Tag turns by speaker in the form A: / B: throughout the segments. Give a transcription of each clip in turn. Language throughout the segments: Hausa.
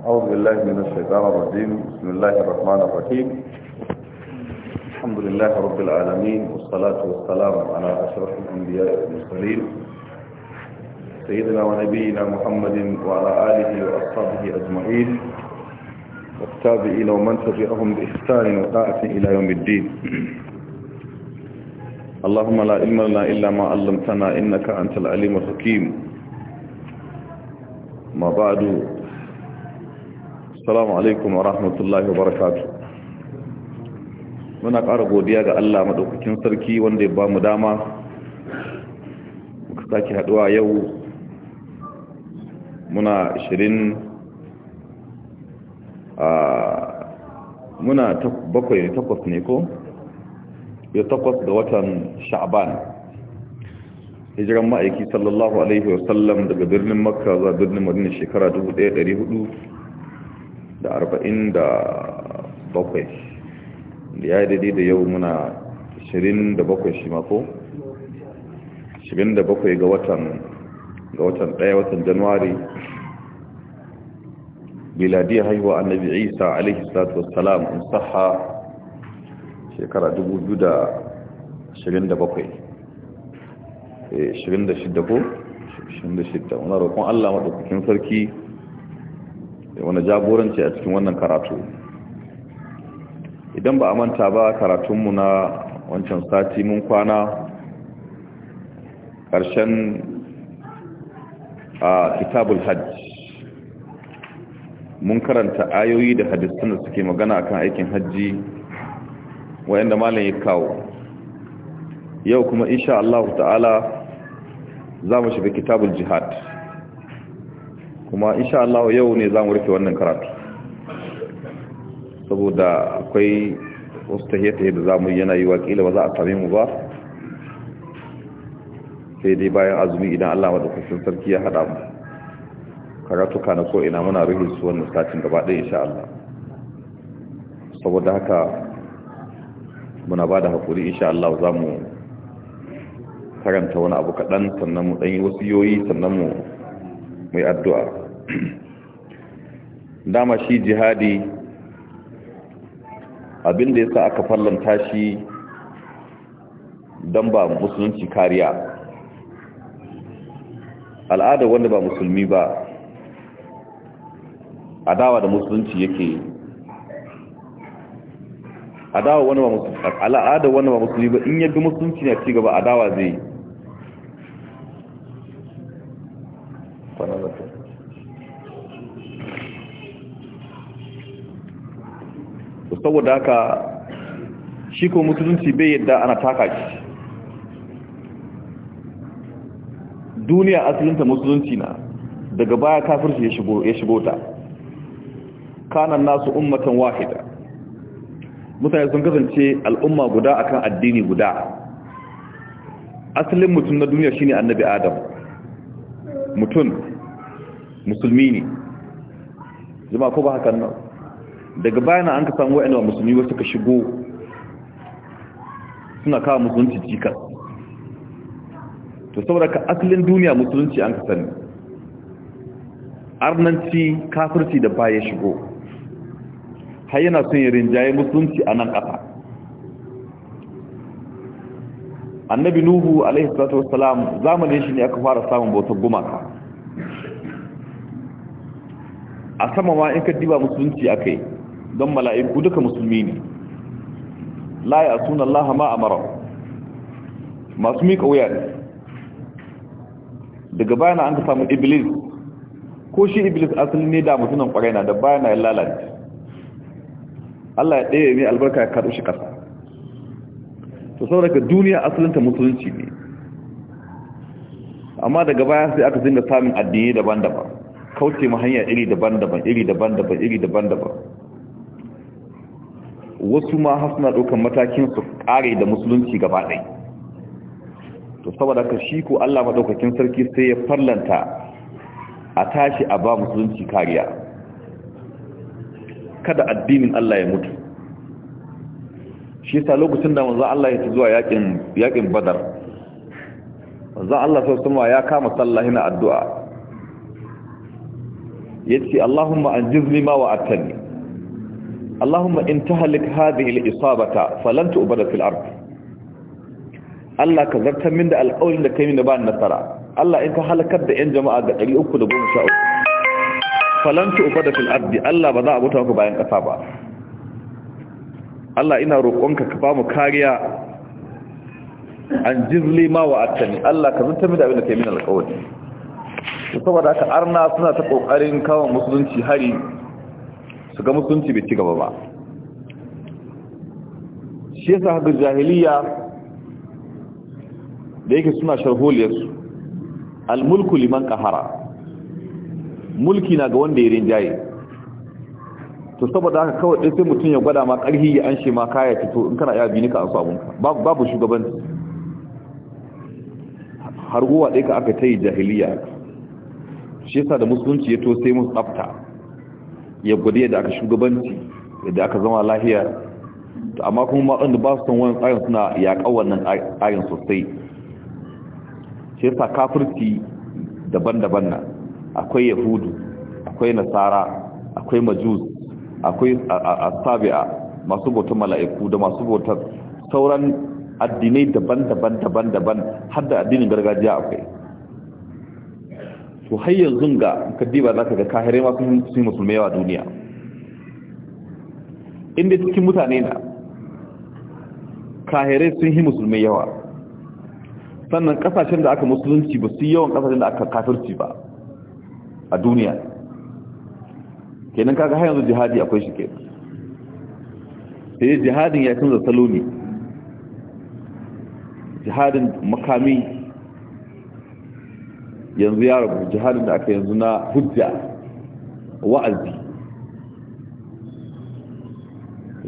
A: أعوذ بالله من الشيطان الرجيم بسم الله الرحمن الرحيم الحمد لله رب العالمين والصلاة والسلام على أشرف الأنبياء والمرسلين سيدنا ونبينا محمد وعلى آله وأصحابه أجمعين والتابعين ومن تبعهم بإحسان وطاعة إلى يوم الدين اللهم لا علم لنا إلا ما علمتنا إنك أنت العليم الحكيم ما بعد Assalamu alaikum wa rahmatullahi wa barakatu. Muna ƙara godiya ga Allah maɗaukakin sarki wanda ya ba mu dama, muka sake haɗuwa yau muna shirin a muna bakwai ne takwas ne ko? ya takwas da watan sha'ban hijiran ma'aiki sallallahu alaihi wasallam daga birnin makka zuwa birnin madina shekara 1400 da arba'in da bakwai da ya yi daidai da yau muna ashirin da bakwai shi mako ashirin da bakwai ga watan ga watan ɗaya watan januwari ya haihuwa annabi isa alaihi salatu wassalam in saha shekara dubu biyu da ashirin da bakwai eh, ashirin da shidda ko ashirin da shidda wani roƙon allah maɗaukakin sarki wani jagoranci a cikin wannan karatu idan ba a manta ba karatunmu na wancan sati mun kwana ƙarshen a kitabul hajj mun karanta ayoyi da hadisun da suke magana akan aikin hajji wayanda malam ya kawo yau kuma insha Allah ta'ala za mu shiga kitabul jihad kuma insha Allah yau ne zamu rufe wannan karatu saboda akwai wasu tahiyyar da zamu yana yi wakila ba za a same mu ba sai dai bayan azumi idan Allah madaukakin sarki ya hada mu karatuka na ko ina muna rufe su wannan satin gaba ɗaya insha Allah saboda haka muna ba da haƙuri insha Allah za mu karanta wani abu kaɗan sannan mu ɗanyi wasu yoyi sannan mu mai addu'a dama shi jihadi abinda ya sa aka fallanta shi don ba musulunci kariya al'ada wanda ba musulmi ba adawa da musulunci yake adawa wanda ba musulmi ba in yabi musulunci na cigaba adawa zai saboda haka shi ko musulunci bai yadda ana taka shi duniya asalinta musulunci na daga baya shi ya shigo ta kanan nasu ummatan wahida mutane sun kasance al'umma guda akan addini guda asalin mutum na duniya shine annabi adam mutum musulmi ne jama'a ko ba hakan nan daga bayan an ka samu wa'ina wa musulmi wasu ka shigo suna kawo musulunci jikar to saboda ka asalin duniya musulunci an ka sani arnanci kafirci da baya shigo har yana son yi rinjaye musulunci a nan ƙasa annabi nuhu alaihi salatu wassalam zamanin shi ne aka fara samun bautar gumaka a sama ma in ka diba musulunci aka yi don mala'iku duka musulmi ne la a suna Allah ma a amara masu miƙa wuya ne daga bayana an ka samun iblis ko shi iblis asali ne da mutunan ƙwarai da bayana ya lalace Allah ya ɗaya ne albarka ya kaɗo shi ƙasa to saboda duniya asalinta musulunci ne amma daga baya sai aka zinga samun addini daban-daban kauce ma hanya iri daban-daban iri daban-daban iri daban-daban wasu ma har suna matakin su ƙare da musulunci gaba ɗai to saboda ka shi ko Allah maɗaukakin sarki sai ya farlanta a tashi a ba musulunci kariya kada addinin Allah ya mutu shi yasa lokacin da manzo Allah ya ci zuwa yakin yakin Badar manzo Allah sallallahu alaihi ya kama addu'a. Ya addu'a yace Allahumma anjizni ma wa'atani Allahumma in tahlik hadhihi al-isabata falan tu'bada fil ard Allah ka zartar min da alƙawarin da kai min da ba nasara Allah in ka halakar da ƴan jama'a da 313 falan tu'bada fil ard Allah ba za a buta ku bayan ƙasa ba Allah ina roƙonka ka ba mu kariya an jizli ma wa attani Allah ka zartar min da abin da kai min alƙawari saboda haka arna suna ta ƙoƙarin kawo musulunci hari su ga musulunci bai ci gaba ba shi yasa haka jahiliya da yake suna sharholiyarsu almulku liman kahara mulki na ga wanda ya rinjaye to saboda haka kawai dai sai mutum ya gwada ma ƙarhi ya anshe ma kaya fito in kana iya bi nika an samu babu babu shugabanci har gowa dai ka aka yi jahiliya shi yasa da musulunci ya to sai mun tsafta ya gudu yadda aka shugabanci yadda aka zama lahiya to amma kuma waɗanda ba su son tsarin suna yaƙa wannan tsarin sosai shi yasa kafirci daban-daban na akwai yahudu akwai nasara akwai majus akwai asabi'a masu bautar mala'iku da masu bautar sauran addinai daban-daban daban-daban har da addinin gargajiya akwai to har yanzu ga kaddiba za ka ga kahirai ma sun yi musulmai yawa duniya inda cikin mutane na kahirai sun yi musulmai yawa sannan kasashen da aka musulunci ba su yawan kasashen da aka kafirci ba a duniya kenan kaga har yanzu jihadi akwai shi kenan sai jihadin ya canza salo ne jihadin makami yanzu ya rabu jihadin da aka yanzu na hujja wa'azi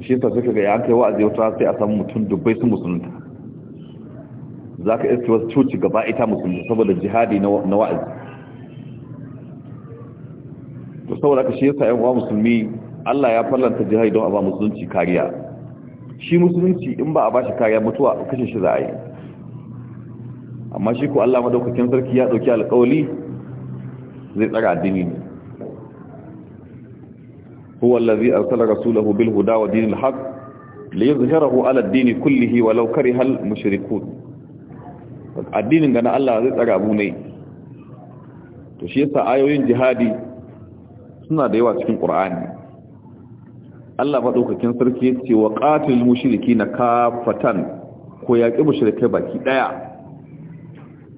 A: shi ta suka ga ya kai wa'azi wata sai a samu mutum dubbai su musulunta za ka iske wasu coci gaba ita musulunta saboda jihadi na wa'azi to saboda ka shi yasa yan uwa musulmi Allah ya farlanta jihadi don a ba musulunci kariya shi musulunci in ba a ba shi kariya mutuwa kashe shi za a yi amma shi ko Allah madaukakin sarki ya dauki alƙawli zai tsara addini ne huwa allazi arsala rasulahu bil huda wa dinil haqq yuzhirahu ala ad-din kullihi wa law karihal mushrikun addinin ga na Allah zai tsara mu ne to shi yasa ayoyin jihadi suna da yawa cikin Qur'ani Allah madaukakin sarki yace wa qatil mushrikin kafatan ko yaqi mushrikai baki daya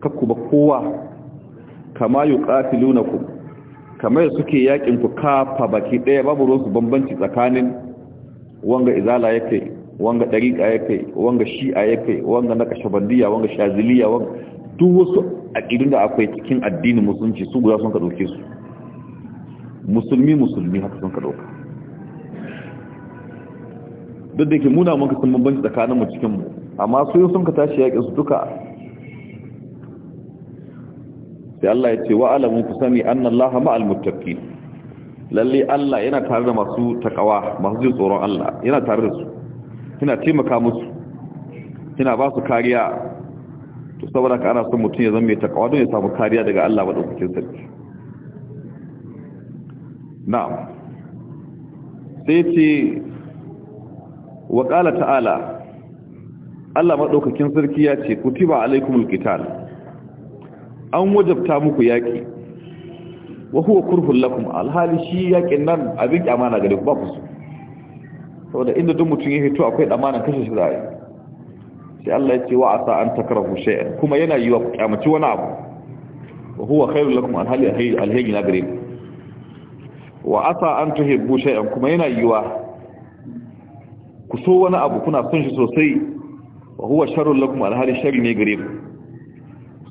A: kakku ba kowa kama yi kama kamar suke yakin ku kafa baki ɗaya babu ruwansu bambanci tsakanin wanga izala ya kai wanga ɗariƙa ya kai wanga shi'a ya kai wanga na ƙashabandiya wanga shaziliya wanga duk wasu ƙirin da akwai cikin addinin musulunci su guda sun ka ɗauke su musulmi musulmi haka sun ka ɗauka duk da ke muna muka sun bambanci tsakaninmu cikinmu amma su yi sun ka tashi yaƙin su duka sai Allah ya ce wa alamu ku sani annallaha ma'al muttaqin lalle Allah yana tare da masu takawa masu jin tsoron Allah yana tare da su yana taimaka musu yana ba su kariya to saboda ka ana son mutum ya zama mai takawa don ya samu kariya daga Allah madaukakin sarki na'am sai ce wa qala ta'ala Allah madaukakin sarki ya ce kutiba alaikumul qital an wajabta muku yaƙi wa huwa kurhul lakum alhali shi yaƙin nan abin amana gare ku ba ku so saboda inda duk mutum ya fito akwai amana kashe shi zai sai Allah ya ce wa asa an takrahu shay'an kuma yana yiwa ku kyamaci wani abu wa huwa khairul lakum alhali alhayy na gare ku wa asa an tuhibbu shay'an kuma yana yiwa ku so wani abu kuna son shi sosai wa huwa sharrul lakum alhali sharri ne gare ku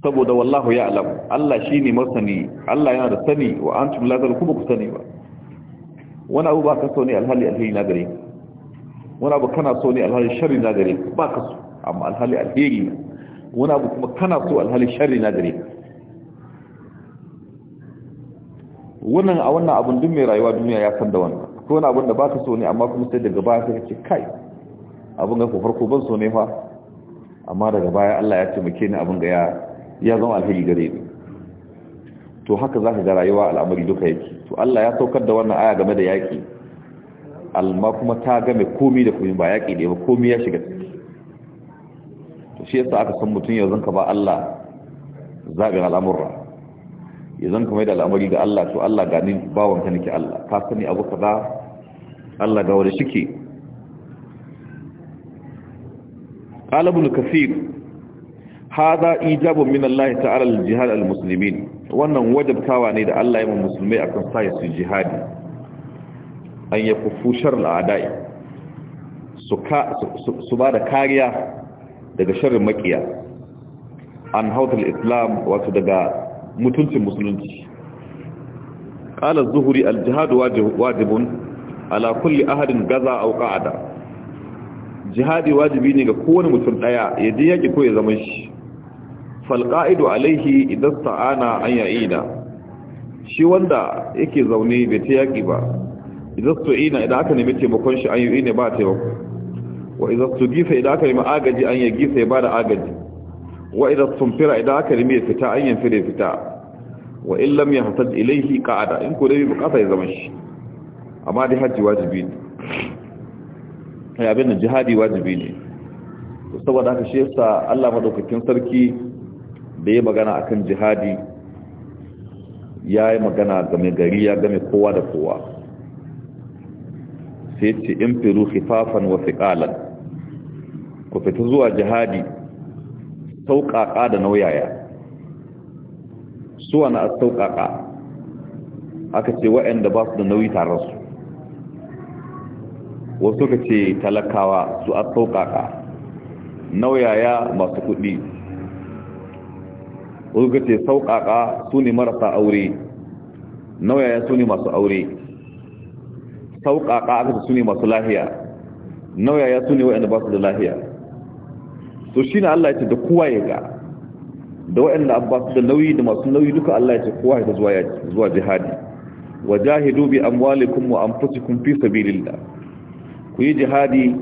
A: saboda wallahu ya alam Allah shi ne masani Allah yana da sani wa an tun lazar kuma ku sani ba wani abu ba ka so ne alhali alheri na gare wani abu kana so ne alhali shari na gare ba ka so amma alhali alheri na wani abu kuma kana so alhali shari na gare wannan a wannan abun dun mai rayuwa duniya ya san da wannan ko wani abun da ba ka so ne amma kuma sai daga baya sai ka ce kai Abin ga ko farko ban so ne fa amma daga baya Allah ya muke ne abin ga ya ya zama alheri gare ni to haka za ka ga rayuwa al'amari duka yake to Allah ya saukar da wannan aya game da yaƙi alma kuma ta game komi da komi ba yaƙi ne ba komi ya shiga ciki to shi yasa aka san mutum yanzu ka ba Allah zaɓin al'amurra yanzu ka mai da al'amari ga Allah to Allah ga ni bawanka nake Allah ka sani abu ka kaza Allah ga wani shike qala ibn kathir hada ijabun min Allah ta'ala al-jihad al-muslimin wannan wajabtawa ne da Allah ya mu musulmai akan sai su jihadi an ya kufu shar al-ada'i su ka su ba da kariya daga sharrin makiya an hautar islam wato daga mutuncin musulunci قال الزهري الجهاد واجب, واجب على كل أحد غزا أو قعد jihadi wajibi ne ga kowane mutum daya ya je yaki ko ya zama shi Falƙa'idu alaihi idan sta'ana an ya'ina shi wanda yake zaune bai ta yaki ba idan su'ina idan aka nemi taimakon shi an yi ne ba taimako wa idan su gisa idan aka nemi agaji an yi gisa ya bada agaji wa idan sun fira idan aka nemi fita an yin fira fita wa in lam yahtaj ilaihi qa'ada in ko dai bukata ya zama shi amma dai Hajji wajibi ne kai abin da jihadi wajibi ne saboda haka shi yasa Allah madaukakin sarki da ya magana akan jihadi ya yi magana game gari ya game kowa da kowa sai ce in firu hifafan wasu ƙalar ku fita zuwa jihadi sauƙaƙa da nauyaya suwa na sauƙaƙa aka ce waɗanda ba su da nauyi tare su wasu ka ce talakawa su a sauƙaƙa nauyaya masu kuɗi ga ce sauƙaƙa su ne marasa aure nauyaya su ne masu aure sauƙaƙa aka su ne masu lahiya nauyaya su ne waɗanda ba su da lahiya to shi na Allah ya ce da kowa ya ga da waɗanda ba su da nauyi da masu nauyi duka Allah ya ce kowa ya zuwa jihadi wa jahidu bi amwalikum wa anfusikum fi sabilillah ku yi jihadi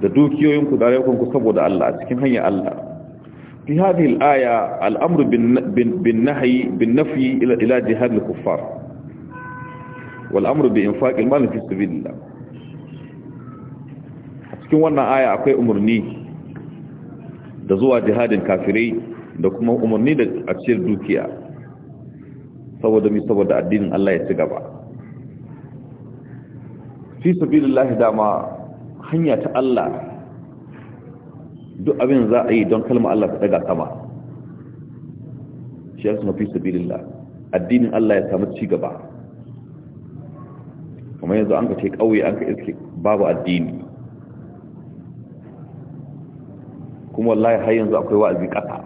A: da dukiyoyinku da rayukanku saboda Allah cikin hanyar Allah في هذه الآية الأمر بالنهي بالنفي إلى جهاد الكفار والأمر بإنفاق المال في سبيل الله cikin wannan aya akwai umarni da zuwa jihadin kafirai da kuma umarni da a ciyar dukiya saboda mi saboda addinin Allah ya ci gaba fi sabilillah dama hanya ta Allah duk abin za a yi don kalmar Allah ta daga sama shi ya mafi fi sabilillah addinin Allah ya samu ci gaba kamar yanzu an ka ce kauye an ka iske babu addini kuma wallahi har yanzu akwai wa'azi kasa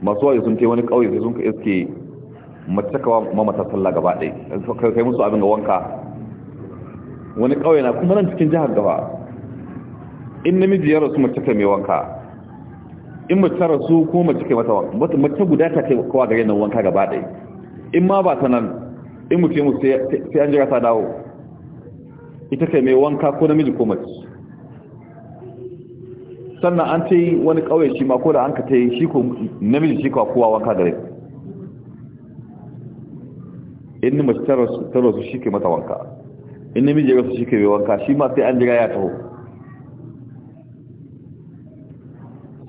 A: masu wa'azi sun ce wani kauye sai sun ka iske matakawa kawa mamata sallah gaba ɗaya kai musu abin ga wanka wani kauye na kuma nan cikin jihar gaba in namiji ya rasu mace ta mai wanka in mace ta rasu ko mace kai mata wanka mace guda ta kai kowa gare nan wanka gaba ɗaya in ma ba ta nan in mu ce mu sai an jira ta dawo ita kai mai wanka ko namiji ko mace sannan an ta yi wani ƙauye shi ma ko da an ka ta yi shi ko namiji shi ko kowa wanka gare in mace ta rasu shi ke mata wanka in namiji ya rasu shi ke mai wanka shi ma sai an jira ya taho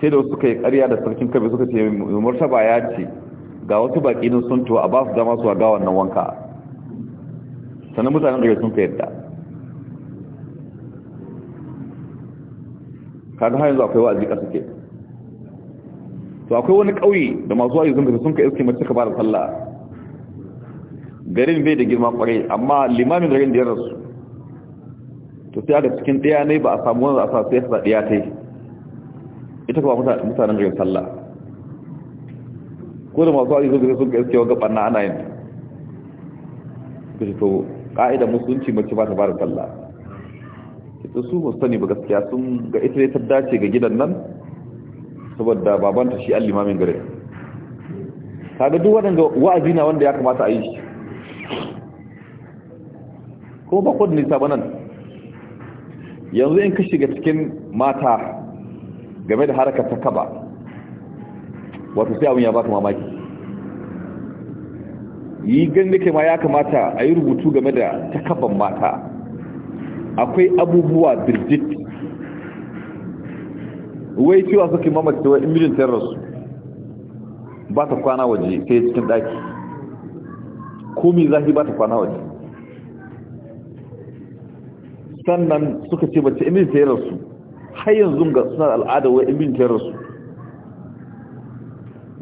A: sai da suka yi ƙarya da sarkin kabe suka ce ba ya ce ga wasu baƙi nan sun tuwa a ba su dama su ga wannan wanka sannan mutanen da sun ka yadda kaga har yanzu akwai wa'azi ƙasa ke to akwai wani ƙauye da masu wa'azi sun ka sun ka iske mace ka ba da sallah garin bai da girma ƙwarai amma limamin garin da ya rasu to sai a cikin ɗaya ne ba a samu wani a sa sai ya sa ɗaya ta yi ita kuma mutanen garin sallah ko da masu aji zuwa sun gaske wa gaban na ana yin ta to ƙa'idar musulunci mace ba ta ba sallah ita su ba sani ba gaskiya sun ga ita ne ta dace ga gidan nan saboda babanta shi an limamin gare ga duk waɗanda wa'azi na wanda ya kamata a yi shi ko ba kudin nisa ba nan yanzu in ka shiga cikin mata game da harkar ta kaba wato sai abin ya baka mamaki yi gandake ma ya kamata a yi rubutu game da takaban mata akwai abubuwa birgit wai cewa suke mamaci wa imirin terrorsu ba ta kwana waje sai cikin daki komi zahi ba ta kwana waje sannan suka ce bace imirin rasu. har yanzu ga sunan al'ada wa ibin rasu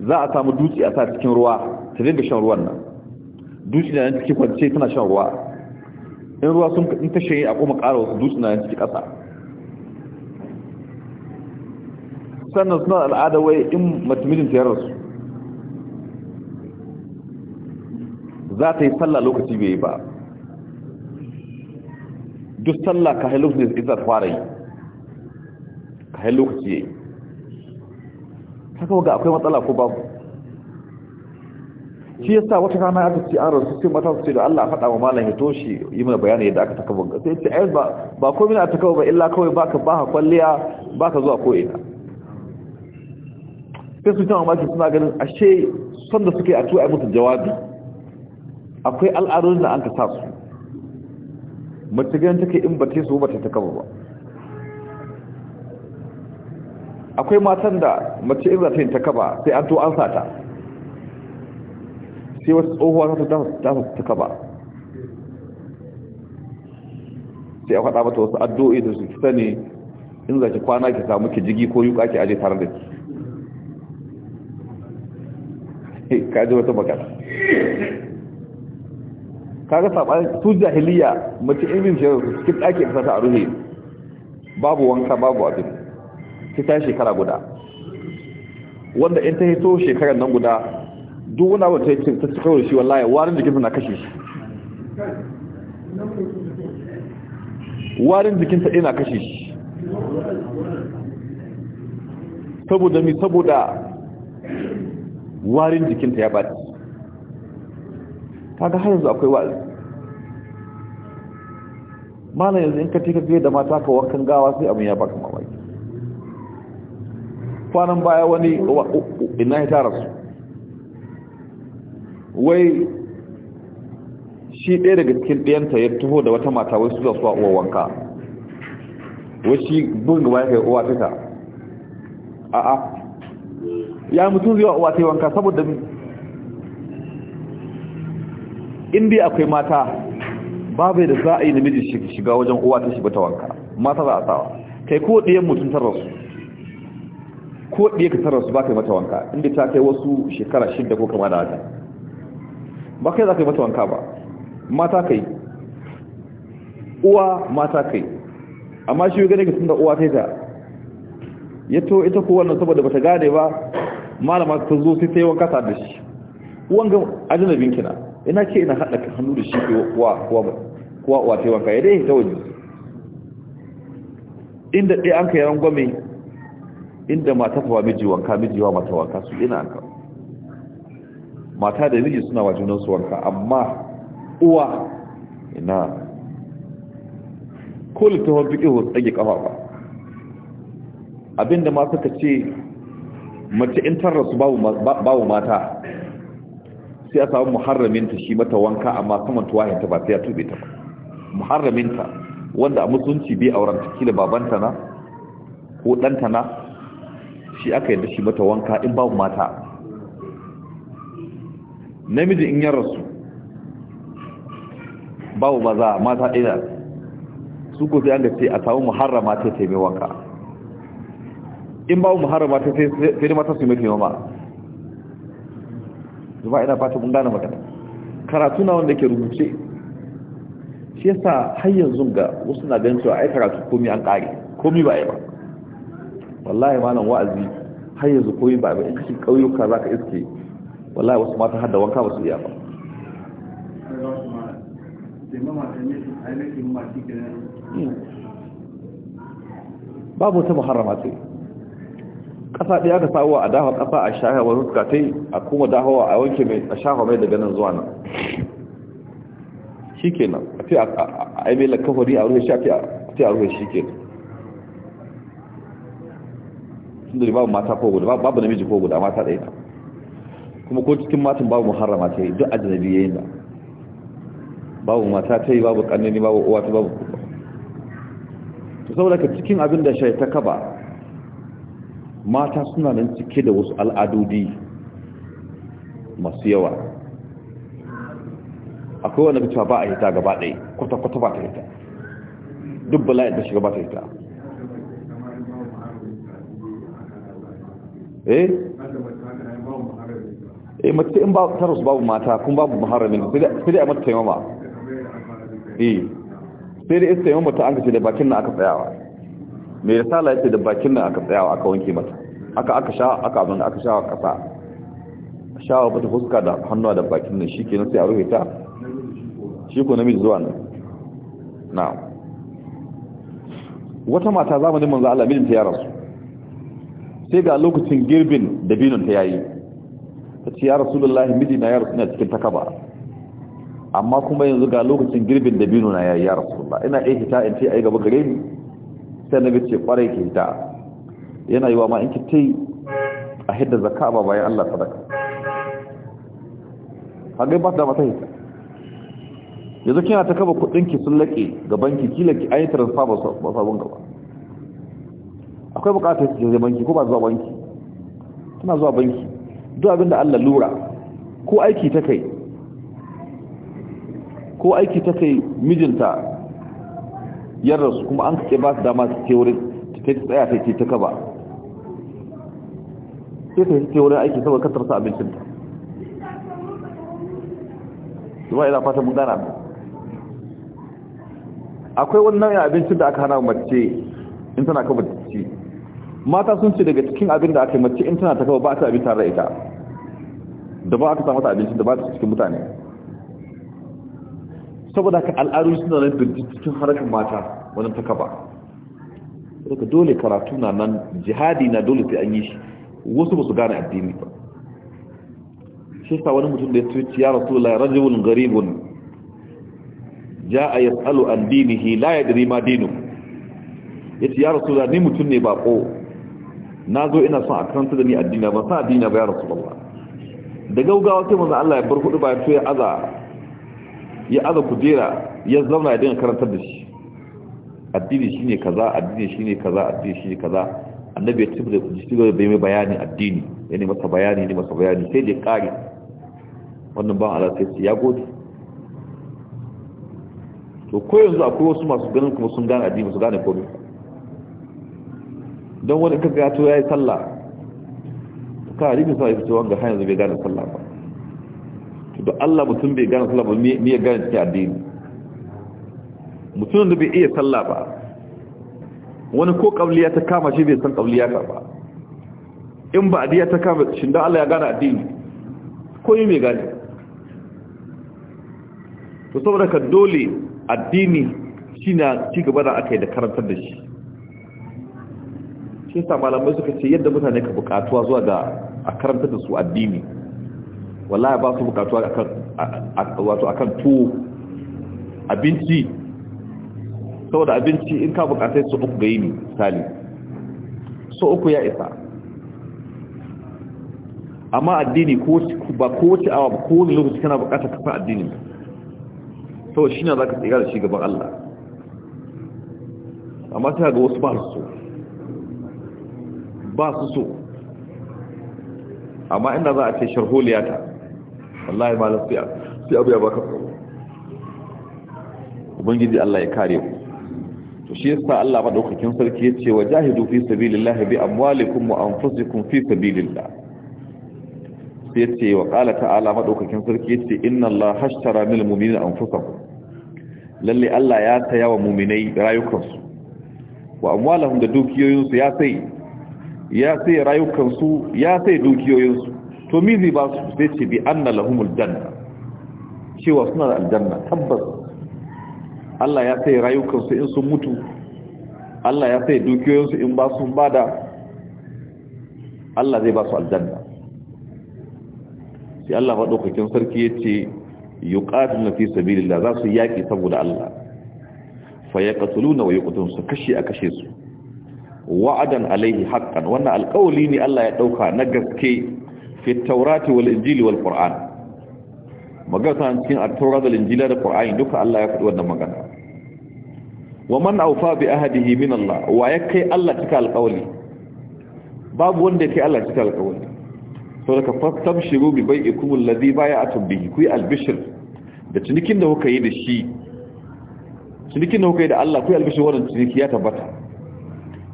A: za a samu dutse a sa cikin ruwa ta dinga shan ruwan nan dutse na nan cikin kwance tana shan ruwa in ruwa sun in ta a kuma ƙara wasu dutse na nan cikin ƙasa sannan suna al'ada wai in mutumin ta rasu za ta yi sallah lokaci bai yi ba duk sallah ka halittu su ita fara yi har lokaci yi haka waga akwai matsala ko babu shi yasa wata rana aka ce an rasu sai mata su ce da Allah faɗa wa malam ya toshi yi mana bayani yadda aka taka banga sai ce ai ba ba komai na taka ba illa kawai baka ka kwalliya baka zuwa ko ina sai su tana maki suna ganin ashe son da suke a tuwa mutu jawabi akwai al'adun da an ka sa su mace ganin take in ba ta su ba ta taka ba akwai matan da mace in za ta yi ta kaba sai an to an sata sai wasu tsohuwa ta dafa ta kaba sai a kwada mata wasu addu'o'i da su sani in za ki kwana ki samu ki jigi ko yuka ki aje tare da ki kaji wata magana kaga saɓa su jahiliya mace irin bin shi su cikin ɗaki ta ta a ruhe babu wanka babu abin ta ta shekara guda wanda in ta hito shekarar nan guda duk wani abu ta ta ci da shi wallahi warin jikin na kashe shi warin ta ina kashe shi saboda mi saboda warin jikinta ya bati kaga har yanzu akwai wa'azi mana yanzu in ka tika da mata ka wankan gawa sai abin ya baka kwanan baya wani ina ya tara su wai shi ɗaya daga cikin ɗayanta ya taho da wata mata wai su zasu su uwa wanka wai shi bin gaba ya kai uwa ta a'a ya mutum zai uwa ta wanka saboda inda akwai mata babu da za a yi namiji shiga wajen uwa ta shi bata wanka mata za a sawa kai ko ɗiyan mutum tarar su ko ɗaya ka tarar su ba ka yi mata wanka inda ta kai wasu shekara shidda ko kama da haka ba kai za ka yi mata wanka ba mata kai uwa mata kai amma shi gane ka tunda uwa ta yi ta yato ita ko wannan saboda bata gane ba malama ta zo sai ta yi wanka ta da shi uwan ga ajinabin kina ina ce ina haɗa hannu da shi ko uwa ta yi wanka ya dai ta waje inda ɗaya an kai rangwame inda mata tawa miji wanka miji wa mata wanka su ina ka mata da miji suna wa su wanka amma uwa ina ko biki fiƙihu tsage kafa ba abinda ma suka ce mace in tarra su babu mata sai a samu muharraminta shi mata wanka amma saman tuwahinta ba sai ya tube ta muharraminta wanda a musulunci bai auren kila babanta na ko ɗanta na shi aka yadda shi mata wanka in babu mata namiji in yin rasu babu maza mata ina su ko sai an gace a samu muharrama ta taimai wanka in babu muharrama ta sai da mata su mafi taimama zuba ina fata mun gane magana karatu na wanda ke rubuce shi yasa har yanzu ga wasu na ganin cewa ai karatu komi an kare komi ba ai ba wallahi malam wa'azi har yanzu koyi ba ba kashi kauyuka zaka iske wallahi wasu mata har da wanka ba su iya ba babu ta muharrama ce kasa ɗaya ka sa'uwa a dafa kasa a shaha wani suka a kuma dafawa a wanke mai a shafa mai daga nan zuwa nan shi kenan a fi a aimela kafari a rufe shafi a fi a shi kenan tunda babu mata ko guda babu namiji ko guda mata ɗaya kuma ko cikin matan babu muharrama ta yi duk ajinabi ya yi da babu mata ta yi babu ƙannani babu uwa ta babu kuma to saboda ka cikin abin da shaita ta kaba mata suna nan cike da wasu al'adodi masu yawa akwai wani ka cewa ba a hita gaba ɗaya kwata-kwata ba ta hita duk bala'in da shiga ba ta hita eh eh mace in ba tarus babu mata kuma babu maharamin. sai dai a mata taimama eh sai dai ita taimama ta angace, da bakin nan aka tsayawa mai risala yace da bakin nan aka tsayawa aka wanke mata aka aka sha aka abin da aka sha wa kasa sha wa bata fuska da hannuwa da bakin nan Shi shikenan sai a rufe ta shi ko namiji zuwa nan na'am wata mata zamanin manzo Allah ta ya rasu sai ga lokacin girbin dabinon ta yayi ta ce ya rasulullahi miji na ya rasu ina cikin takaba amma kuma yanzu ga lokacin girbin dabino na yayi ya lullahi ina iya hita in ce ai gaba gare ni sai na ce kwarai ke hita yana yiwa ma in ki tai a hidda zaka ba bayan Allah sadaka hagai ba da mata hita yanzu kina ta kaba kudin ki sun laƙe ga banki kila ki ayi transfer ba sabon gaba akwai bukatar su je banki ko ba zuwa banki tana zuwa banki duk abin da Allah lura ko aiki ta kai ko aiki ta kai mijinta yarda su kuma an kake ba su dama su ke wurin ta tsaya ta ce ta kaba sai ta ke wurin aiki saboda kasar sa abincinta zuwa ina fata mun gana akwai wannan abincin da aka hana mace in tana kaba mata sun ce daga cikin abin da aka yi mace in tana ta kawo ba ta abin tare ita da ba aka samu ta abinci da ba ta cikin mutane saboda ka al'adu suna nan birgin cikin harafin mata wani ta kaba daga dole karatu na nan jihadi na dole sai an yi shi wasu ba su gane addini ba shi sa wani mutum da ya tuci ya rasu la rajulun garibun a yas'alu an dinihi la yadri ma dinu ce ya rasu la ni mutum ne ko na zo ina son a karanta da ni addina ba sa addina ba ya rasu Allah da gaugawa sai maza Allah ya bar hudu ba ya aza ya aza kujera ya zauna ya dinga karantar da shi addini shine kaza addini shine kaza addini shine kaza annabi ya tabbata da ji cewa bai mai bayani addini ya ne masa bayani ne masa bayani sai da kare wannan ba ala sai ya gode to ko yanzu akwai wasu masu ganin kuma sun gane addini su gane komai don wani ka to ya yi sallah ka rikin sa ya fito wanga hanyar zai gane sallah ba to da Allah mutum bai gane sallah ba me ya gane cikin addini mutum da bai iya sallah ba wani ko kabliya ta kama shi bai san kabliya ka ba in ba adiya ta kama shi da Allah ya gane addini ko yi mai gane to saboda ka dole addini shi na cigaba da aka yi da karantar da shi shi yasa malamai suka ce yadda mutane ka bukatuwa zuwa ga a karanta da su addini wallahi ba su bukatuwa wato akan tuwo abinci saboda abinci in ka bukatai su uku gayi ne misali so uku ya isa amma addini ba kowace awa ba kowane lokaci kana bukata kafa addini saboda shi ne za ka tsira da shi gaban Allah amma sai ga wasu ba su so ba su so amma inda za a ce sharholiyata wallahi malam sai abu ya baka tsoro ubangiji Allah ya kare ku to shi yasa Allah madaukakin sarki ya ce, wa jahidu fi sabilillahi bi amwalikum wa anfusikum fi sabilillah sai yace wa qala ta'ala madaukakin sarki ya ce, inna Allah hashtara minal mu'minina anfusahum lalle Allah ya taya wa mu'minai rayukansu wa amwalahum da dukiyoyinsu ya sai ya sai rayukansu ya sai dukiyoyinsu to mi zai ba su sai ce bi anna lahumul janna cewa suna da aljanna tabbas Allah ya sai rayukansu in sun mutu Allah ya sai dukiyoyinsu in ba su bada Allah zai ba su aljanna sai Allah madaukakin sarki yace yuqatiluna fi sabilillah za su yaki saboda Allah fa yaqtuluna wa yuqtulun su kashi a kashe su wa'adan alaihi haqqan wannan alƙawli ne Allah ya dauka na gaske fi taurati wal injili wal qur'an magana cikin at-taurat wal injili da qur'ani duka Allah ya faɗi wannan magana wa man awfa bi ahadihi min Allah wa yakai Allah cika alƙawli babu wanda yake Allah cika alƙawli so daga fastabshiru bi bai'ikum alladhi bay'atum bihi ku albishir da cinikin da kuka yi da shi cinikin da kuka yi da Allah ku albishir wannan ciniki ya tabbata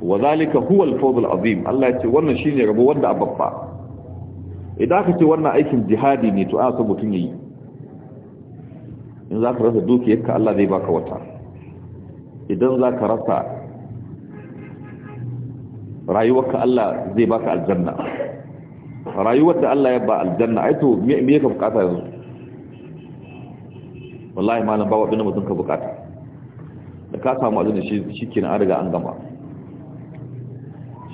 A: wa zalika huwa al-fawz azim Allah ya ce wannan shine rabo wanda babba. idan ka ce wannan aikin jihadi ne to a so mutun yi. in zaka rasa dukiyarka Allah zai baka wata idan zaka rasa rayuwarka Allah zai baka aljanna rayuwar da Allah ya ba aljanna ai to me me ka bukata yanzu wallahi malam ba wa mutum ka bukata da ka samu aljanna shi shikenan an riga an gama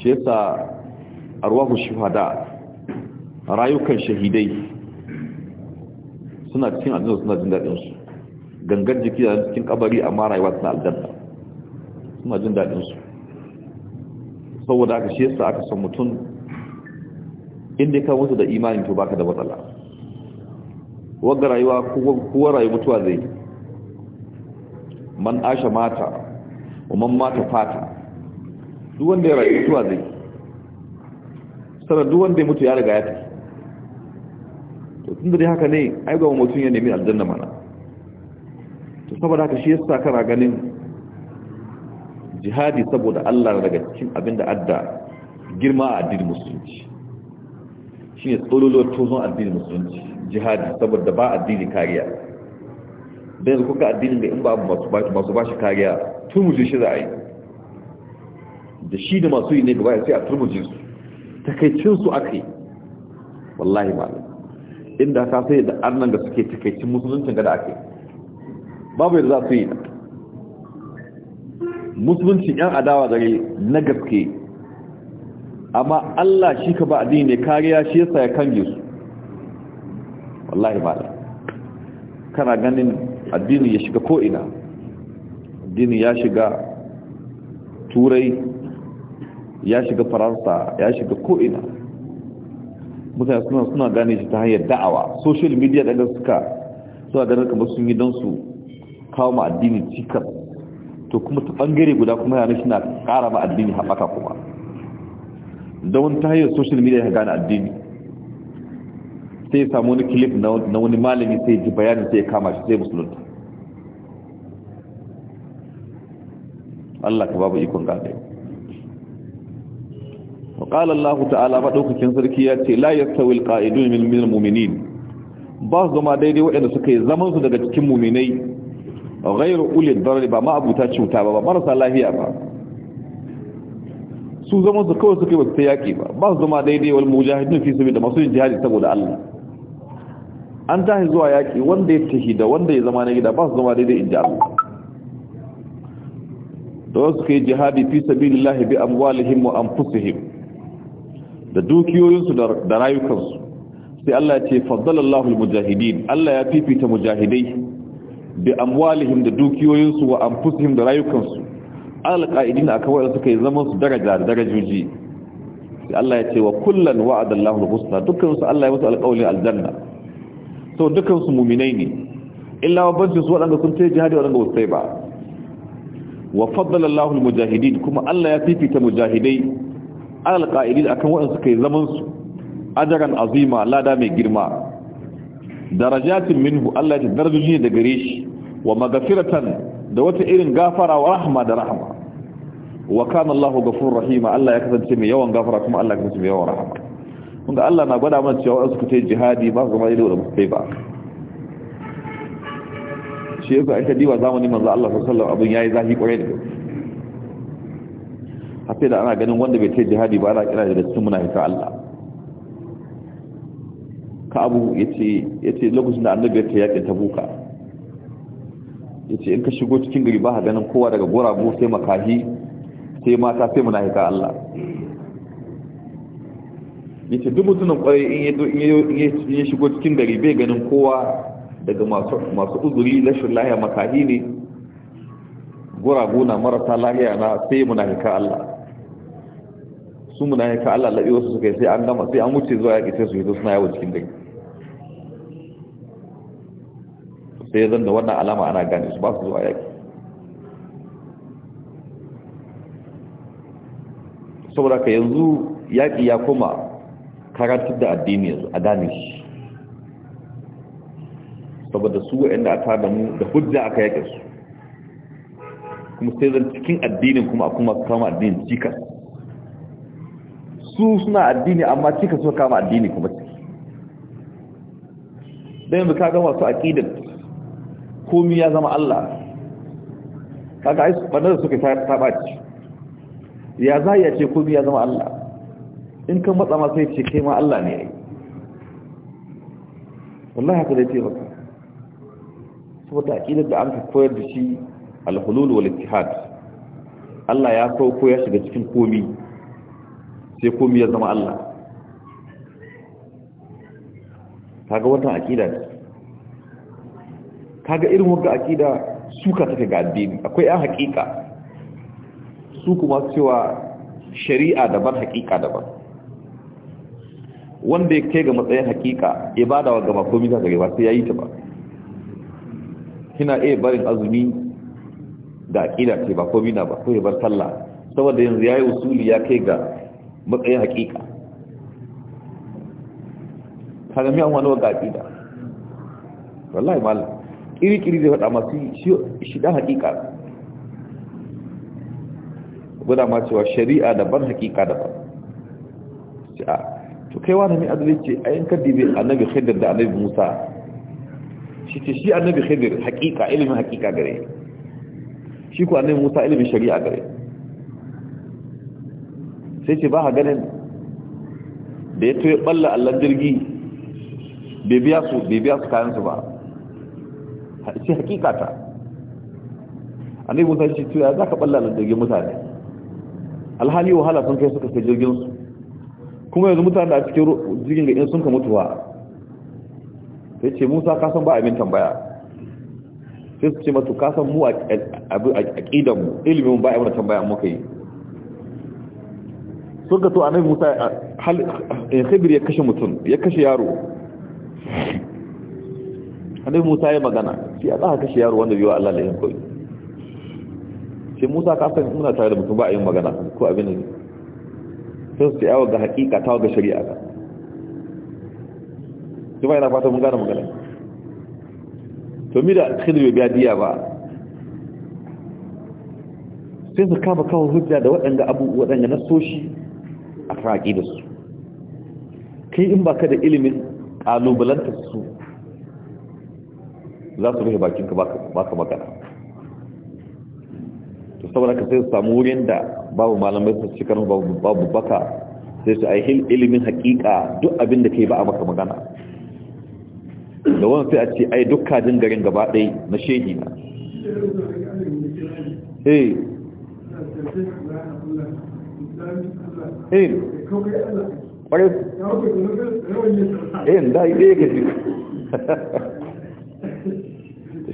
A: shi yasa arwahu shuhada rayukan shahidai suna cikin aljanna suna jin daɗin su gangan jiki da cikin kabari amma rayuwa suna aljanna suna jin daɗin su saboda aka shi yasa aka san mutum inda ka mutu da imani to baka da matsala wadda rayuwa kuwa rayu mutuwa zai man asha mata umman mata fata duk wanda ya rayu mutuwa zai sannan duk wanda ya mutu ya riga ya tafi to tun da dai haka ne ai ga mutum ya nemi aljanna mana to saboda haka shi yasa kana ganin jihadi saboda Allah daga cikin abin da adda girma a addinin musulunci shi ne tsololuwar tozon addinin musulunci jihadi saboda ba addini kariya Dan yanzu kuka addinin da in ba masu ba shi kariya tun mutum shi za a yi da shi da masu yi ne gaba sai a turmujin su cin su yi wallahi ba inda ka sai da annan da suke cin musuluncin gada yi babu yadda za su yi Musuluncin yan adawa zare na gaske amma Allah shi ka ba addini ne kariya shi yasa ya kange su wallahi ba kana ganin addini ya shiga ko'ina. adini addini ya shiga turai ya shiga faransa ya shiga ko'ina mutane suna suna gane shi ta hanyar da'awa social media daga suka suna ganin kamar sun yi don su kawo ma addini cikar to kuma ta bangare guda kuma yana shi na kara ma addini haɓaka kuma don ta hanyar social media ya gane addini sai ya samu wani clip na wani malami sai ji bayanin sai ya kama shi sai musulunta Allah ka babu ikon gane وقال الله تعالى مدوكين سركي ياتي لا يستوي القائدون من المؤمنين بعض ما ديدي وإن سكي سو سدك cikin mu'minai غير اول الضرر بما ابو تاتشو تابا مرسى الله يابا su zaman su kawai suka yi wata yaƙi ba ba su zama daidai wal mujahidin fi sabi da masu yin jihadi saboda Allah an tashi zuwa yaƙi wanda ya tafi da wanda ya zama na gida ba su zama daidai in ji Allah da wasu jihadi fi sabi bi amwalihim wa anfusihim da dukiyoyinsu da rayukansu sai Allah ya ce faddalallahu almujahidin Allah ya fifita mujahidai bi amwalihim da dukiyoyinsu wa anfusihim da rayukansu alqaidin aka wayar suka yi zaman su daraja da darajoji sai Allah ya ce wa kullan wa'adallahu alhusna dukkan su Allah ya musu alqawli aljanna so dukkan su mu'minai ne illa wabanci su waɗanda sun ta jihadi waɗanda ba sai ba wa faddala Allahul mujahidin kuma Allah ya fifita mujahidai alal qa'idin akan waɗansu kai zamansu. zaman azima lada mai girma darajatin minhu Allah ya darajoji da gare shi wa magfiratan da wata irin gafara wa rahma da rahma wa kana Allahu ghafurur rahima. Allah ya kasance mai yawan gafara kuma Allah ya kasance mai yawan rahma Kuma Allah na gwada mana cewa waɗansu kuta jihadi ba su zama ido da mutai ba shi yasa aka diwa zamanin manzo Allah sallallahu alaihi wasallam abun yayi zahi kwarai da gaske hafi da ana ganin wanda bai ce jihadi ba ana kira da cikin munafika Allah ka abu ya ce lokacin da annabi ya ce yakin tabuka ya ce in ka shigo cikin gari ba ganin kowa daga gurabu sai makahi sai mata sai munafika Allah ya ce duk mutunan kwarai in ya shigo cikin gari bai ganin kowa daga masu uzuri lashin lahiya makahi ne na marasa lahiya na sai munafika Allah su yaka Allah laɓi wasu suka yi sai an gama sai an wuce zuwa yaƙi sai su yi suna yawo cikin dai sai zan da wannan alama ana gane su ba su zuwa yaƙi saboda ka yanzu yaƙi ya koma karantar da addini yanzu a gane shi saboda su waɗanda a tada mu da hujja aka yaƙe su kuma sai zan cikin addinin kuma a kuma kama addinin cikas su suna addini amma cika suka kama addini kuma ciki don yi kaga masu aƙidin komi ya zama Allah kaga aisu ɓanar suka taɓa ce ya za ya ce komi ya zama Allah in kan matsa masu ya ce kai ma Allah ne ya yi wallah haka zai taimaka wata aƙidin da an ka koyar da shi alhulul wal Allah ya sauko ya shiga cikin komi sai komi ya zama Allah kaga wata akida ne kaga irin wanda akida suka take ga addini akwai ya haƙiƙa su kuma cewa shari'a daban haƙiƙa daban wanda ya kai ga matsayin haƙiƙa ibada wa gaba komi za ka gaba sai ya yi ta ba kina iya barin azumi da aƙida ce ba komi na ba ko ya bar sallah saboda yanzu ya yi usuli ya kai ga matsayin hakika kagami an wani wa gaƙida wallahi malam kiri-kiri zai faɗa masu shida hakika guda ma cewa shari'a daban hakika daban ah, to kai wani mai adalci ce a yin kaddibe annabi khidir da annabi musa shi ce shi annabi khidir hakika ilimin hakika gare shi ku annabi musa ilimin shari'a gare sai ce ba ha ganin da ya toye balla allon jirgi bai biya su kayansu ba ce hakikata ne musa ce tuya za ka balla allon jirgin mutane alhali wahala sun kai suka kai jirginsu kuma yanzu mutane da a cikin jirgin ga in sun ka mutuwa sai ce musa kasan ba a min tambaya sai su ce matu kasan mu a ƙidanmu ilimin ba a yi wani tambaya muka yi sun ka to a nan musa ya khibir ya kashe mutum ya kashe yaro annabi musa ya magana shi a tsaka kashe yaro wanda biyo Allah da yin koyi sai musa ka san muna tare da mutum ba a yin magana ko abin ne sai su ga hakika ta ga shari'a ka shi ba yana fata mun gane magana to mi da khidri biya diya ba sai su kama kawo hujja da waɗanda abu waɗanda soshi. a da su. kai in baka da ilimin ƙalubalantar su za su rufe bakinka baka magana to saboda ka sai su samu wurin da babu malamai su cikar babu baka sai su aihin ilimin hakika duk abin da ke ba a maka magana da wani sai a ce ai duk kajin garin gaba ɗai na shehi na eh
B: eh kwarai eh da yi ɗaya gaji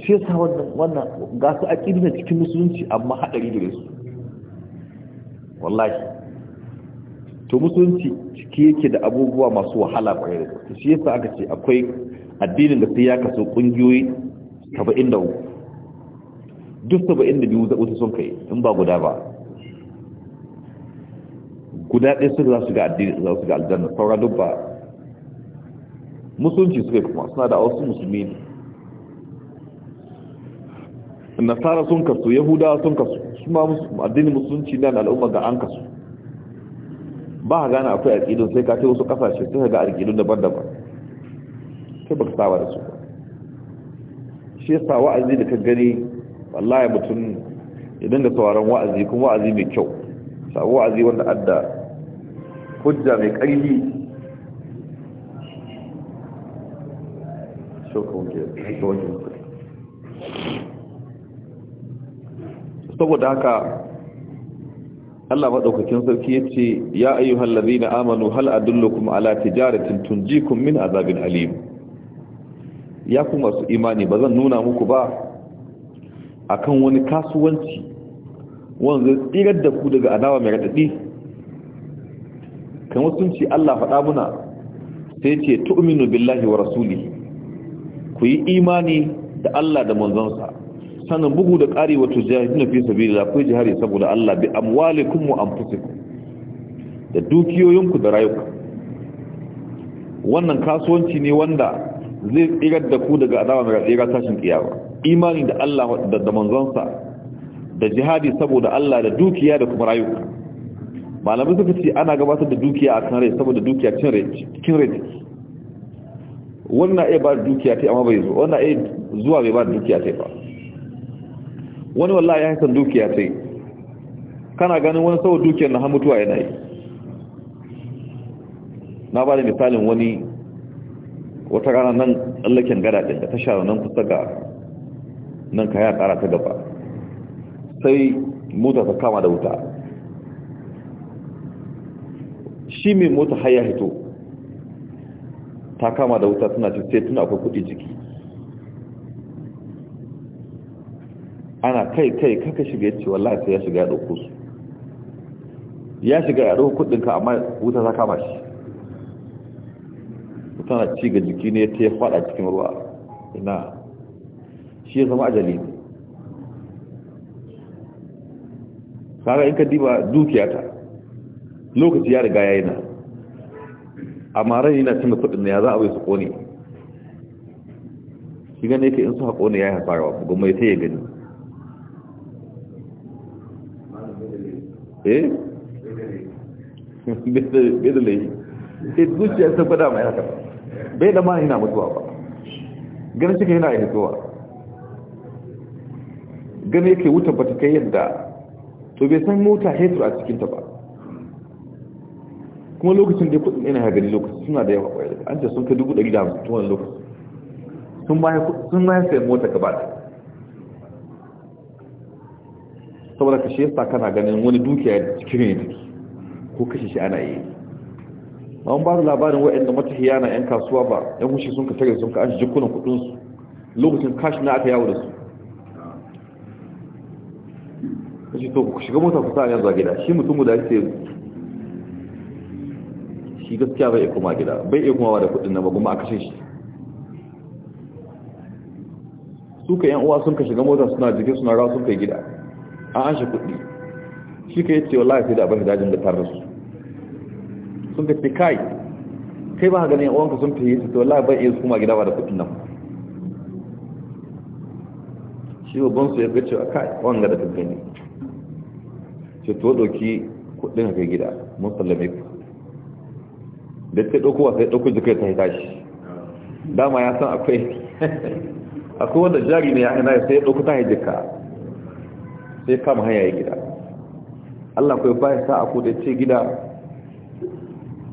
A: shi yasa wannan wannan ga su aƙidina cikin musulunci amma haɗari gare su wallahi to musulunci ciki yake da abubuwa masu wahala kwarai da su shi yasa aka ce akwai addinin da sai ya kaso ƙungiyoyi saba'in da uku duk saba'in da biyu zaɓo su sun kai in ba guda ba guda ɗaya su za su ga addini za su ga aljanna saura duk ba musulunci suka kuma suna da wasu musulmi ne nasara sun kasu yahudawa sun kasu su ma addinin musulunci na al'umma ga an kasu ba a gane akwai alƙidun sai ka ce wasu ƙasashe sai ga alƙidun daban-daban sai ka saba da su shi yasa wa'azi da ka gani wallahi mutum idan dinga sauraron wa'azi kuma wa'azi mai kyau sabuwa wa'azi wanda adda hujja mai ƙarfi saboda haka Allah maɗaukakin sarki ya ce ya ayyuhan na amanu hal adullukum ala tijaratin tunjikum min azabin alim ya kuma su imani ba zan nuna muku ba akan wani kasuwanci wanzu tsirar da ku daga adawa mai raɗaɗi kamar sun ce Allah faɗa muna sai ce tu'minu billahi wa rasuli ku yi imani da Allah da manzonsa sannan bugu da ƙari wa tujahiduna fi da ku jihari saboda Allah bi amwalikum wa anfusikum da dukiyoyinku da rayuka wannan kasuwanci ne wanda zai tsirar da ku daga azaba mai tsira tashin kiyawa. imani da Allah da manzonsa da jihadi saboda Allah da dukiya da kuma rayuka malamai suka ce ana gabatar da dukiya a kan rai saboda dukiya cikin rai take wannan iya ba dukiya ta amma bai zo wannan iya zuwa bai ba dukiya ta ba wani wallahi ya haifar dukiya ta kana ganin wani saboda dukiyar na mutuwa yana yi na ba da misalin wani wata rana nan tsallaken gada ɗin da ta sha nan kusa ga nan ka ya ƙara ta gaba sai mota ta kama da wuta shi mai mota haya hito ta kama da wuta suna ce sai tuna akwai kudi jiki ana kai kai kaka shiga ya ce wallah sai ya shiga ya ɗauko su ya shiga ya ɗauko kudinka amma wuta ta kama shi wuta na ci ga jiki ne ta ya faɗa cikin ruwa ina shi ya zama ajali ne kaga in ka diba dukiyata lokaci ya riga ya yi na amma rai yana cin da kudin ya za a bai su kone shi gane ke in su haƙo ne ya yi hasarawa goma ya ya gani eh bai da laifi sai zuciya sun fada mai haka bai da ma yana mutuwa ba ganin cikin yana yi hitowa gane yake wuta ba ta kai yadda to bai san mota hetur a cikinta ba kuma lokacin da kudin ina gani lokacin suna da yawa kwaye an ce sun ka dubu ɗari da hamsin tuwon lokacin sun ya sayan mota ka ba saboda ka shi yasa kana ganin wani dukiya cikin ne take ko kashe shi ana yi an ba da labarin waɗanda matahiya na 'yan kasuwa ba 'yan wushe sun ka tare sun ka an shi jikunan kudinsu lokacin kashi na aka yawo da su kashi to ku shiga mota ku sa yanzu a gida shi mutum guda ce shi gaskiya bai kuma gida bai iya kuma da kudin nan ba kuma a kashe shi su ka yan uwa sun ka shiga motar suna jike suna rawa sun kai gida an an shi kudi shi ka yace wallahi sai da abin dajin da tare su sun ka ce kai kai ba ganin yan uwanka sun tayi su to wallahi bai iya kuma gida ba da kudin nan shi babban su ya ga cewa kai wanga da kaggani ce to doki kudin ka gida mun sallame ku da ta ɗauko wasa ya ɗauko jikai ta yi shi dama ya san akwai akwai wanda jari ne ya hana sai ya ɗauko ta yi jika sai kama hanyar gida Allah kai baya sa a kodai ce gida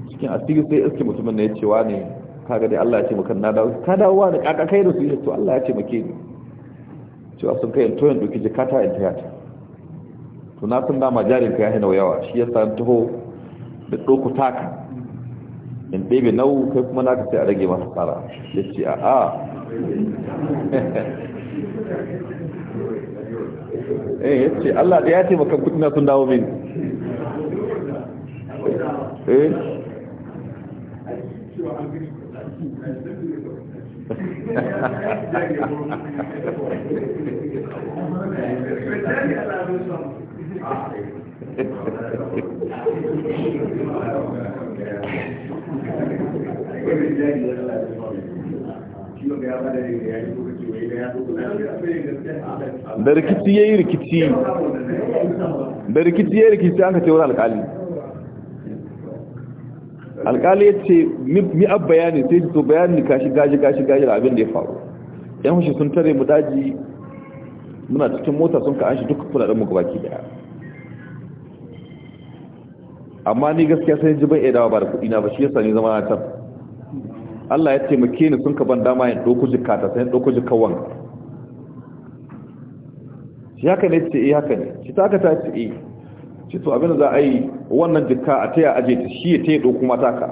A: cikin asiri sai iske mutumin na ya cewa ne kaga dai Allah ya ce maka na dawo ka wa da kaka kai da su yi to Allah ya ce maka ne cewa sun kai to yan doki ta in tiyata to na san dama jarin ka ya hana yawa shi ya san taho da ɗauko taka in ɗebe nau kai kuma naka sai a rage masa tsara ya ce a a
B: eh ya ce allah da ya ce maka na sun dawo min eh da rikici ya yi rikici da rikici ya yi rikici an ka ce wani alkali
A: alkali ya ce mi ab bayani sai to bayani kashi gashi gashi gaji da abin da ya faru yan hushe sun tare mu daji muna cikin mota sun ka an shi duk kudaden mu gabaki daya amma ni gaskiya sai jibin iya dawa ba da kudi na ba shi yasa ne zama na tafi Allah ya taimake ni sun ka ban dama yin ɗauko jika ta sai ɗauko jika wanga shi haka ne ce eh haka ne shi ta aka ta ce eh shi to abin da za a yi wannan jikka a taya aje ta shi ya taya ɗauko mata ka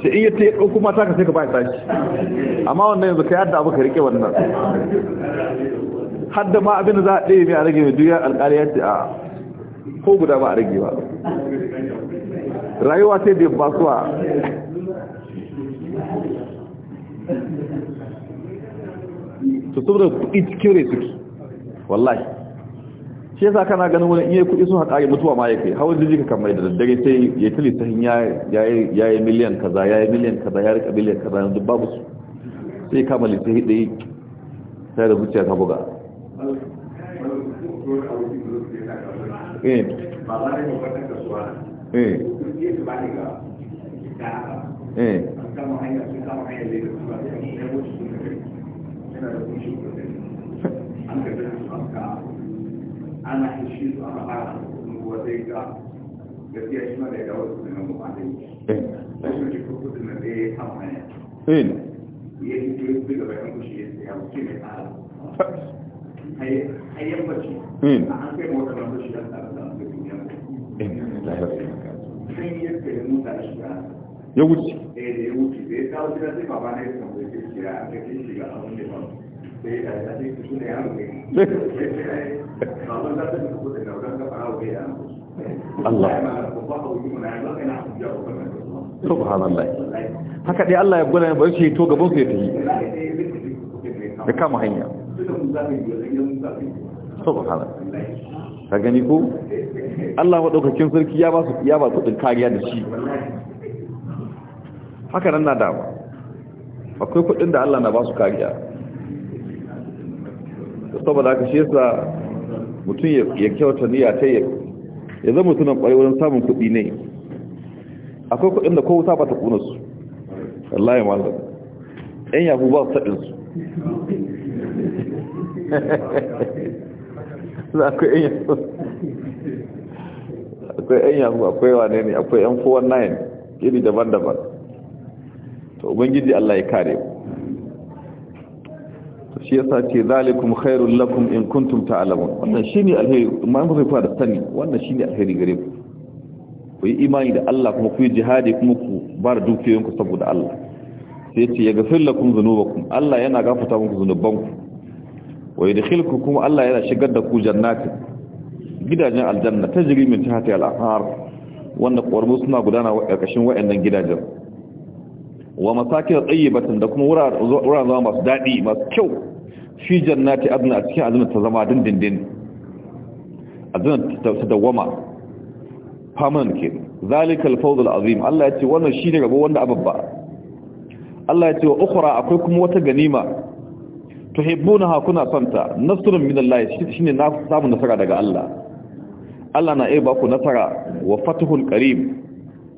A: shi in ya taya ɗauko mata ka sai ka ba ta shi amma wannan yanzu ka yadda abu ka rike wannan hadda ma abin da za a ɗaya ne a rage mai duniya alƙali ya ce a ah. ko guda ba a rage ba rayuwa sai da basuwa su da kuɗi cikin rai suke wallahi shi yasa kana ganin wani iya kuɗi sun haƙa ya mutuwa ma ya kai hawan jiji ka kamar da daddare sai ya tuli ta hin ya yi miliyan kaza ya yi miliyan kaza ya rika miliyan kaza yanzu babu su sai kama lita hidayi sai da zuciya ta buga
B: eh ne kasuwa ta da an ana shi su ana fara ko sai ka gaskiya shi ma da ya dawo ko da ya kama da ya bi ya ce ne ya wuce haka dai Allah ya gwada ya bar shi to gaban su ya tafi da kama hanya subhanallah ka gani ko Allah madaukakin sarki ya ba su ya ba su kariya da shi
A: haka nan na dama akwai kudin da Allah na ba su kariya saboda haka shi yasa mutum ya kyauta niyya ta ya ya zama mutumin kwarai wurin samun kudi ne akwai kudin da ko wuta ba ta kunarsu su ya malam ɗan yahu ba su taɗinsu. akwai yan yahoo akwai akwai wane ne akwai yan 419 iri daban-daban to ubangiji Allah ya kare ku to shi yasa ce zalikum khairul lakum in kuntum ta'lamun wannan shine alheri amma mun fa da sani wannan shine alheri gare ku ku yi imani da Allah kuma ku yi jihadi kuma ku bar dukiyoyinku saboda Allah sai ce ya gafir lakum dhunubakum Allah yana gafarta muku zunubanku wa yadkhilku kuma Allah yana shigar da ku jannati gidajen aljanna tajri min tahti al-anhar wanda ƙwarmu suna gudana a ƙarshen gidajen wa masakin tsayyibatin da kuma wuraren zama masu dadi masu kyau fi jannati adna a cikin azumin ta zama dindindin azumin ta dawama permanent ke zalikal fawzul azim Allah ya ce wannan shine gaba wanda ababba Allah ya ce wa ukhra akwai kuma wata ganima tuhibbunaha kuna santa nasrun min shine na samu nasara daga Allah Allah na iya ba ku nasara wa fathul Karim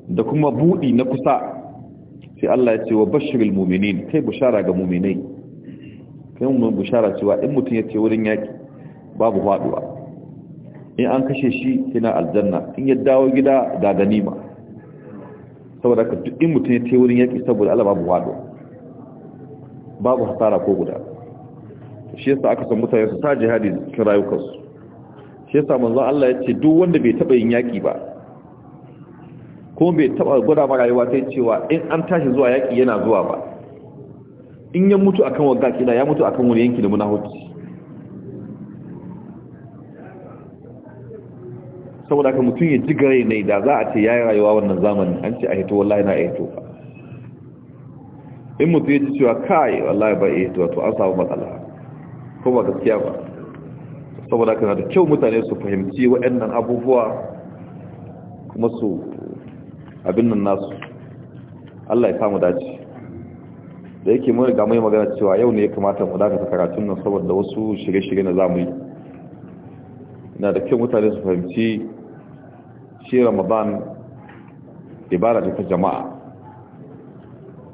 A: da kuma budi na kusa sai Allah ya ce wa bashiril mu'minin kai bushara ga mu'minai kai mun bushara cewa in mutun ya ce wurin yaki babu faduwa in an kashe shi kina aljanna in ya dawo gida da ganima saboda ka duk in mutun ya ce wurin yaki saboda Allah babu faduwa babu hasara ko guda shi yasa aka san mutane su sa jihadi cikin rayukansu shi yasa manzon Allah ya ce duk wanda bai taba yin yaki ba ko bai taba gura ma rayuwa sai cewa in an tashi zuwa yaki yana zuwa ba in ya mutu akan wagga kina ya mutu akan wani yanki da munafici saboda ka mutum ya ji gare ne da za a ce yayi rayuwa wannan zamanin an ce a hito wallahi na aito hito in mutum ya ji cewa kai wallahi ba aito to an samu matsala ko ba gaskiya ba saboda kana da kyau mutane su fahimci waɗannan abubuwa kuma su abin nan nasu Allah ya samu dace da yake mun ga mai magana cewa yau ne ya kamata mu dakata karatun nan saboda wasu shirye-shirye na zamu yi ina da kyau mutane su fahimci shi Ramadan ibada ta jama'a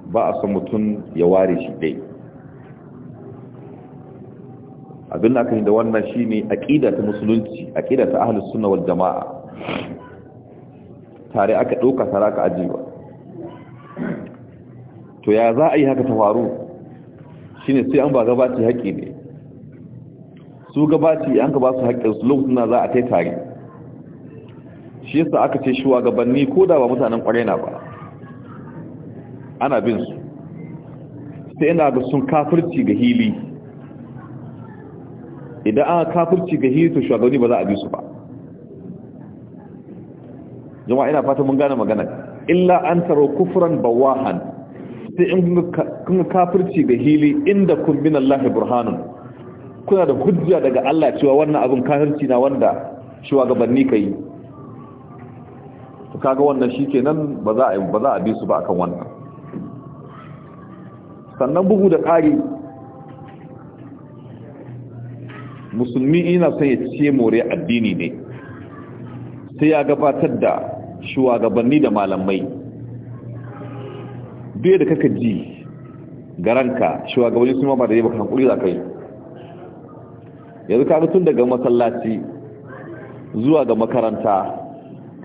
A: ba a san mutum ya ware shi dai abin da aka yi da wannan shi ne aqida ta musulunci ƙida ta ahalus suna wal jamaa tare aka ɗauka tare aka ajiyewa to ya za a yi haka ta faru Shi ne sai an ba gabaci haƙi ne su gabaci an ka ba su haƙƙin su lokacin za a kai tare shi yasa aka ce shi wa gabanni ko da ba mutanen ƙwarena ba ana bin su sai ina ga sun kafirci ga hili idan aka kafirci ga hito shugabanni ba za a bi su ba jama'a ina fata mun gane magana illa an taro kufran bawahan sai in kun kafirci ga hili inda kun bin Allah burhanun kuna da hujja daga Allah cewa wannan abin kafirci na wanda shugabanni kai to kaga wannan shikenan ba za a ba za a bi su ba akan wannan sannan bugu da ƙari musulmi ina son ya ce more addini ne sai ya gabatar da shugabanni da malamai duk da kaka ji garanka shugabanni sun ba da yaba hankuri za ka yanzu ka tun daga masallaci zuwa ga makaranta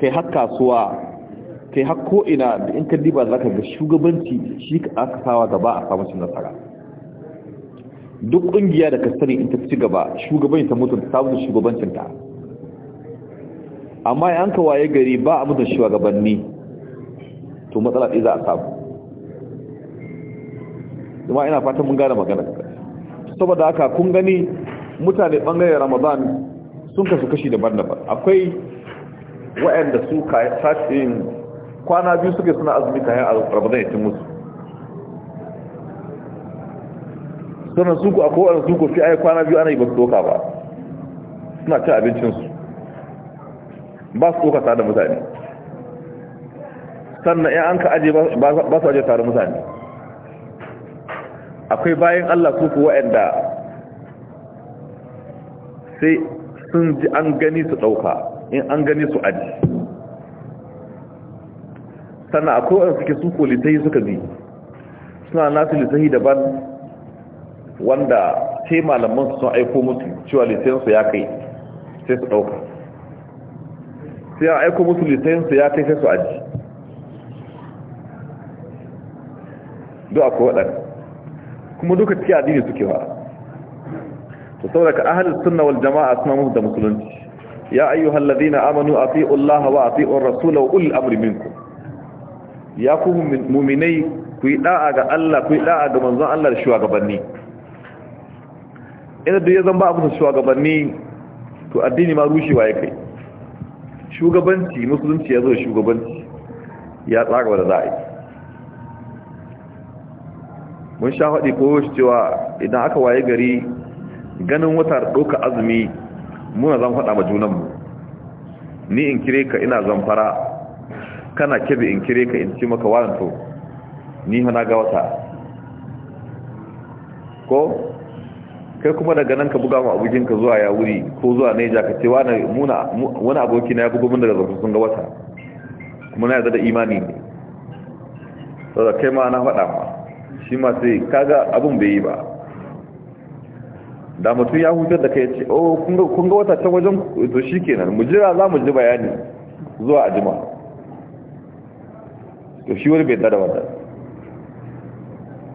A: kai har kasuwa kai har ko'ina da in ka diba za ga shugabanci shi aka sawa gaba a samun nasara duk ƙungiya da ka sani in ta ci gaba shugaban ta mutum samun shugabancinta amma yan ka waye gari ba a mutum shugabanni to matsala ɗaya za a samu kuma ina fatan mun gane magana saboda haka kun gani mutane ɓangare ramadan sun kasu kashi daban-daban akwai wa'anda su kayan kwana biyu suke suna azumi kayan ramadan ya cin musu sannan su ku akwai wani su ku fi yi kwana biyu ana yi ba su doka ba suna ci abincinsu ba su doka tare da mutane sannan ya an ka aje ba su aje tare mutane akwai bayan allah su ku wa'anda sai sun ji an gani su ɗauka in an gani su aji sannan akwai wa'anda suke su ko litai suka bi suna nasu litai daban wanda sai malaman su sun aiko musu cewa lisensu ya kai sai su ɗauka sai a aiko musu lisensu ya kai sai su aji duk akwai waɗanda kuma duka ci addini suke ba to saboda ka ahlus sunna wal jamaa suna mu da musulunci ya ayyuhal ladina amanu atiiu Allah wa atiiu ar-rasul wa ulil amri minkum ya ku mu'minai ku yi da'a ga Allah ku yi da'a ga manzon Allah da shugabanni inda da ya zan ba a musu shugabanni to addini ma rushewa ya kai shugabanci musulunci ya zo shugabanci ya tsaga wadda za a yi mun sha faɗi ko cewa idan aka waye gari ganin wata ɗauka azumi muna zan faɗa ma junanmu ni in kire ka ina zamfara kana kebe in kire ka in ci maka waranto ni hana ga wata ko kai kuma daga nan ka buga mu abokinka zuwa ya wuri ko zuwa naija ka ce wani aboki na ya buga mun daga zafi sun ga wata kuma na yarda da imani ne da kai ma na faɗa ma shi ma sai kaga abin bai yi ba da mutum ya hutar da kai ya ce oh kun ga wata ta wajen to shi mu jira za mu ji bayani zuwa a jima to shi wani bai da wannan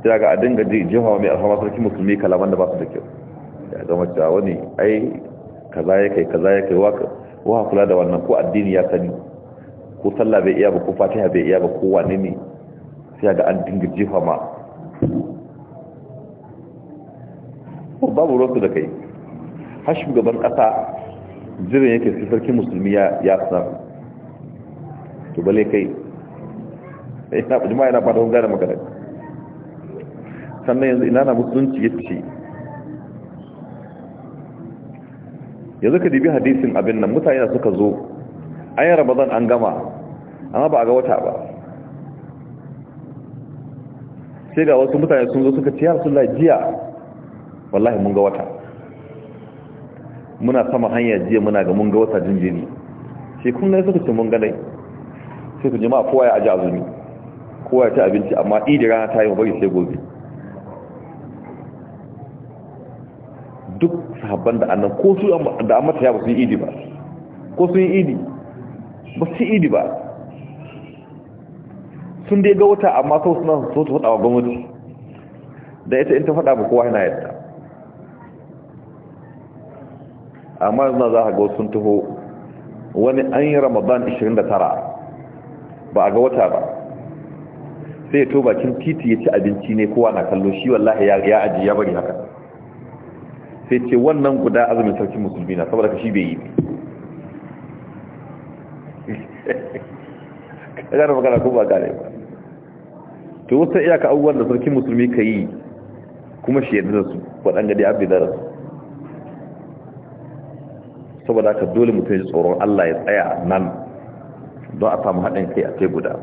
A: ya ga a dinga jihawa mai alfama sarki musulmi kalaman da ba su da kyau ya zama cewa wani ai kaza ya kai kaza ya kai wa kula da wannan ko addini ya sani ko sallah bai iya ba ko fatiha bai iya ba ko wane ne sai ga an dinga jiha ma babu ruwansu da kai har shugaban ƙasa jirin yake su sarki musulmi ya san to bale kai ina jama'a yana ba da gane magana sannan yanzu ina na musulunci ya ce yanzu ka dibi hadisin abin nan mutane da suka zo an yi ramadan an gama amma ba a ga wata ba sai ga wasu mutane sun zo suka ce yara sun jiya wallahi mun ga wata muna sama hanya jiya muna ga mun ga wata jinjini. sai kun gani suka ce mun ganai sai ku jima kowa ya aji azumi kowa ya ci abinci amma idi rana ta yi mabari sai gobe duk sahabban da annan ko su da an ya ba su yi idi ba ko sun yi idi ba su yi idi ba sun dai ga wata amma sau suna so ta faɗa wa gwamnati da ita in ta faɗa ba kowa yana yadda amma yanzu za a ga sun taho wani an yi ramadan 29 ba a ga wata ba sai ya to bakin titi ya ci abinci ne kowa na kallo shi wallahi ya aji ya bari haka sai ce wannan guda azumin sarkin musulmi na saboda ka shi bai yi ne gane magana ko ba gane ba to wata iyaka abubuwan da sarkin musulmi ka yi kuma shi yadda su waɗanda dai abin da su saboda ka dole mutum ji tsoron Allah ya tsaya nan don a samu haɗin kai a kai guda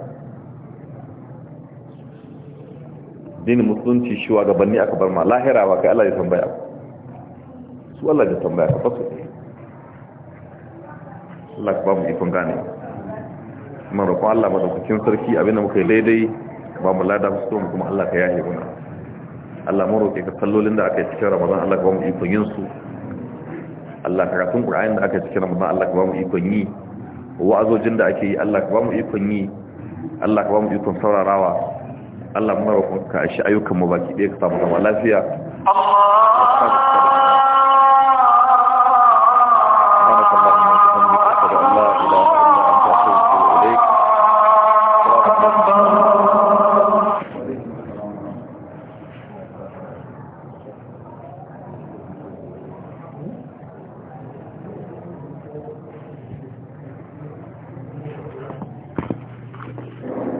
A: dini musulunci shi wa gabanni aka bar ma lahira ba kai Allah ya tambaya ku su Allah da tambaya ka fasu Allah ka ba mu ikon gane kuma roƙon Allah madaukakin sarki abinda muka yi daidai ka ba mu lada su mu kuma Allah ka yahe muna Allah mu roƙe ka sallolin da aka yi cikin Ramadan Allah ka ba mu ikon yin su Allah ka karatun Qur'ani da aka yi cikin Ramadan Allah ka ba mu ikon yi wa'azojin da ake yi Allah ka ba mu ikon yi Allah ka ba mu ikon saurarawa Allah mu roƙon ka shi ayyukan mu baki ɗaya ka samu zama lafiya
B: Allah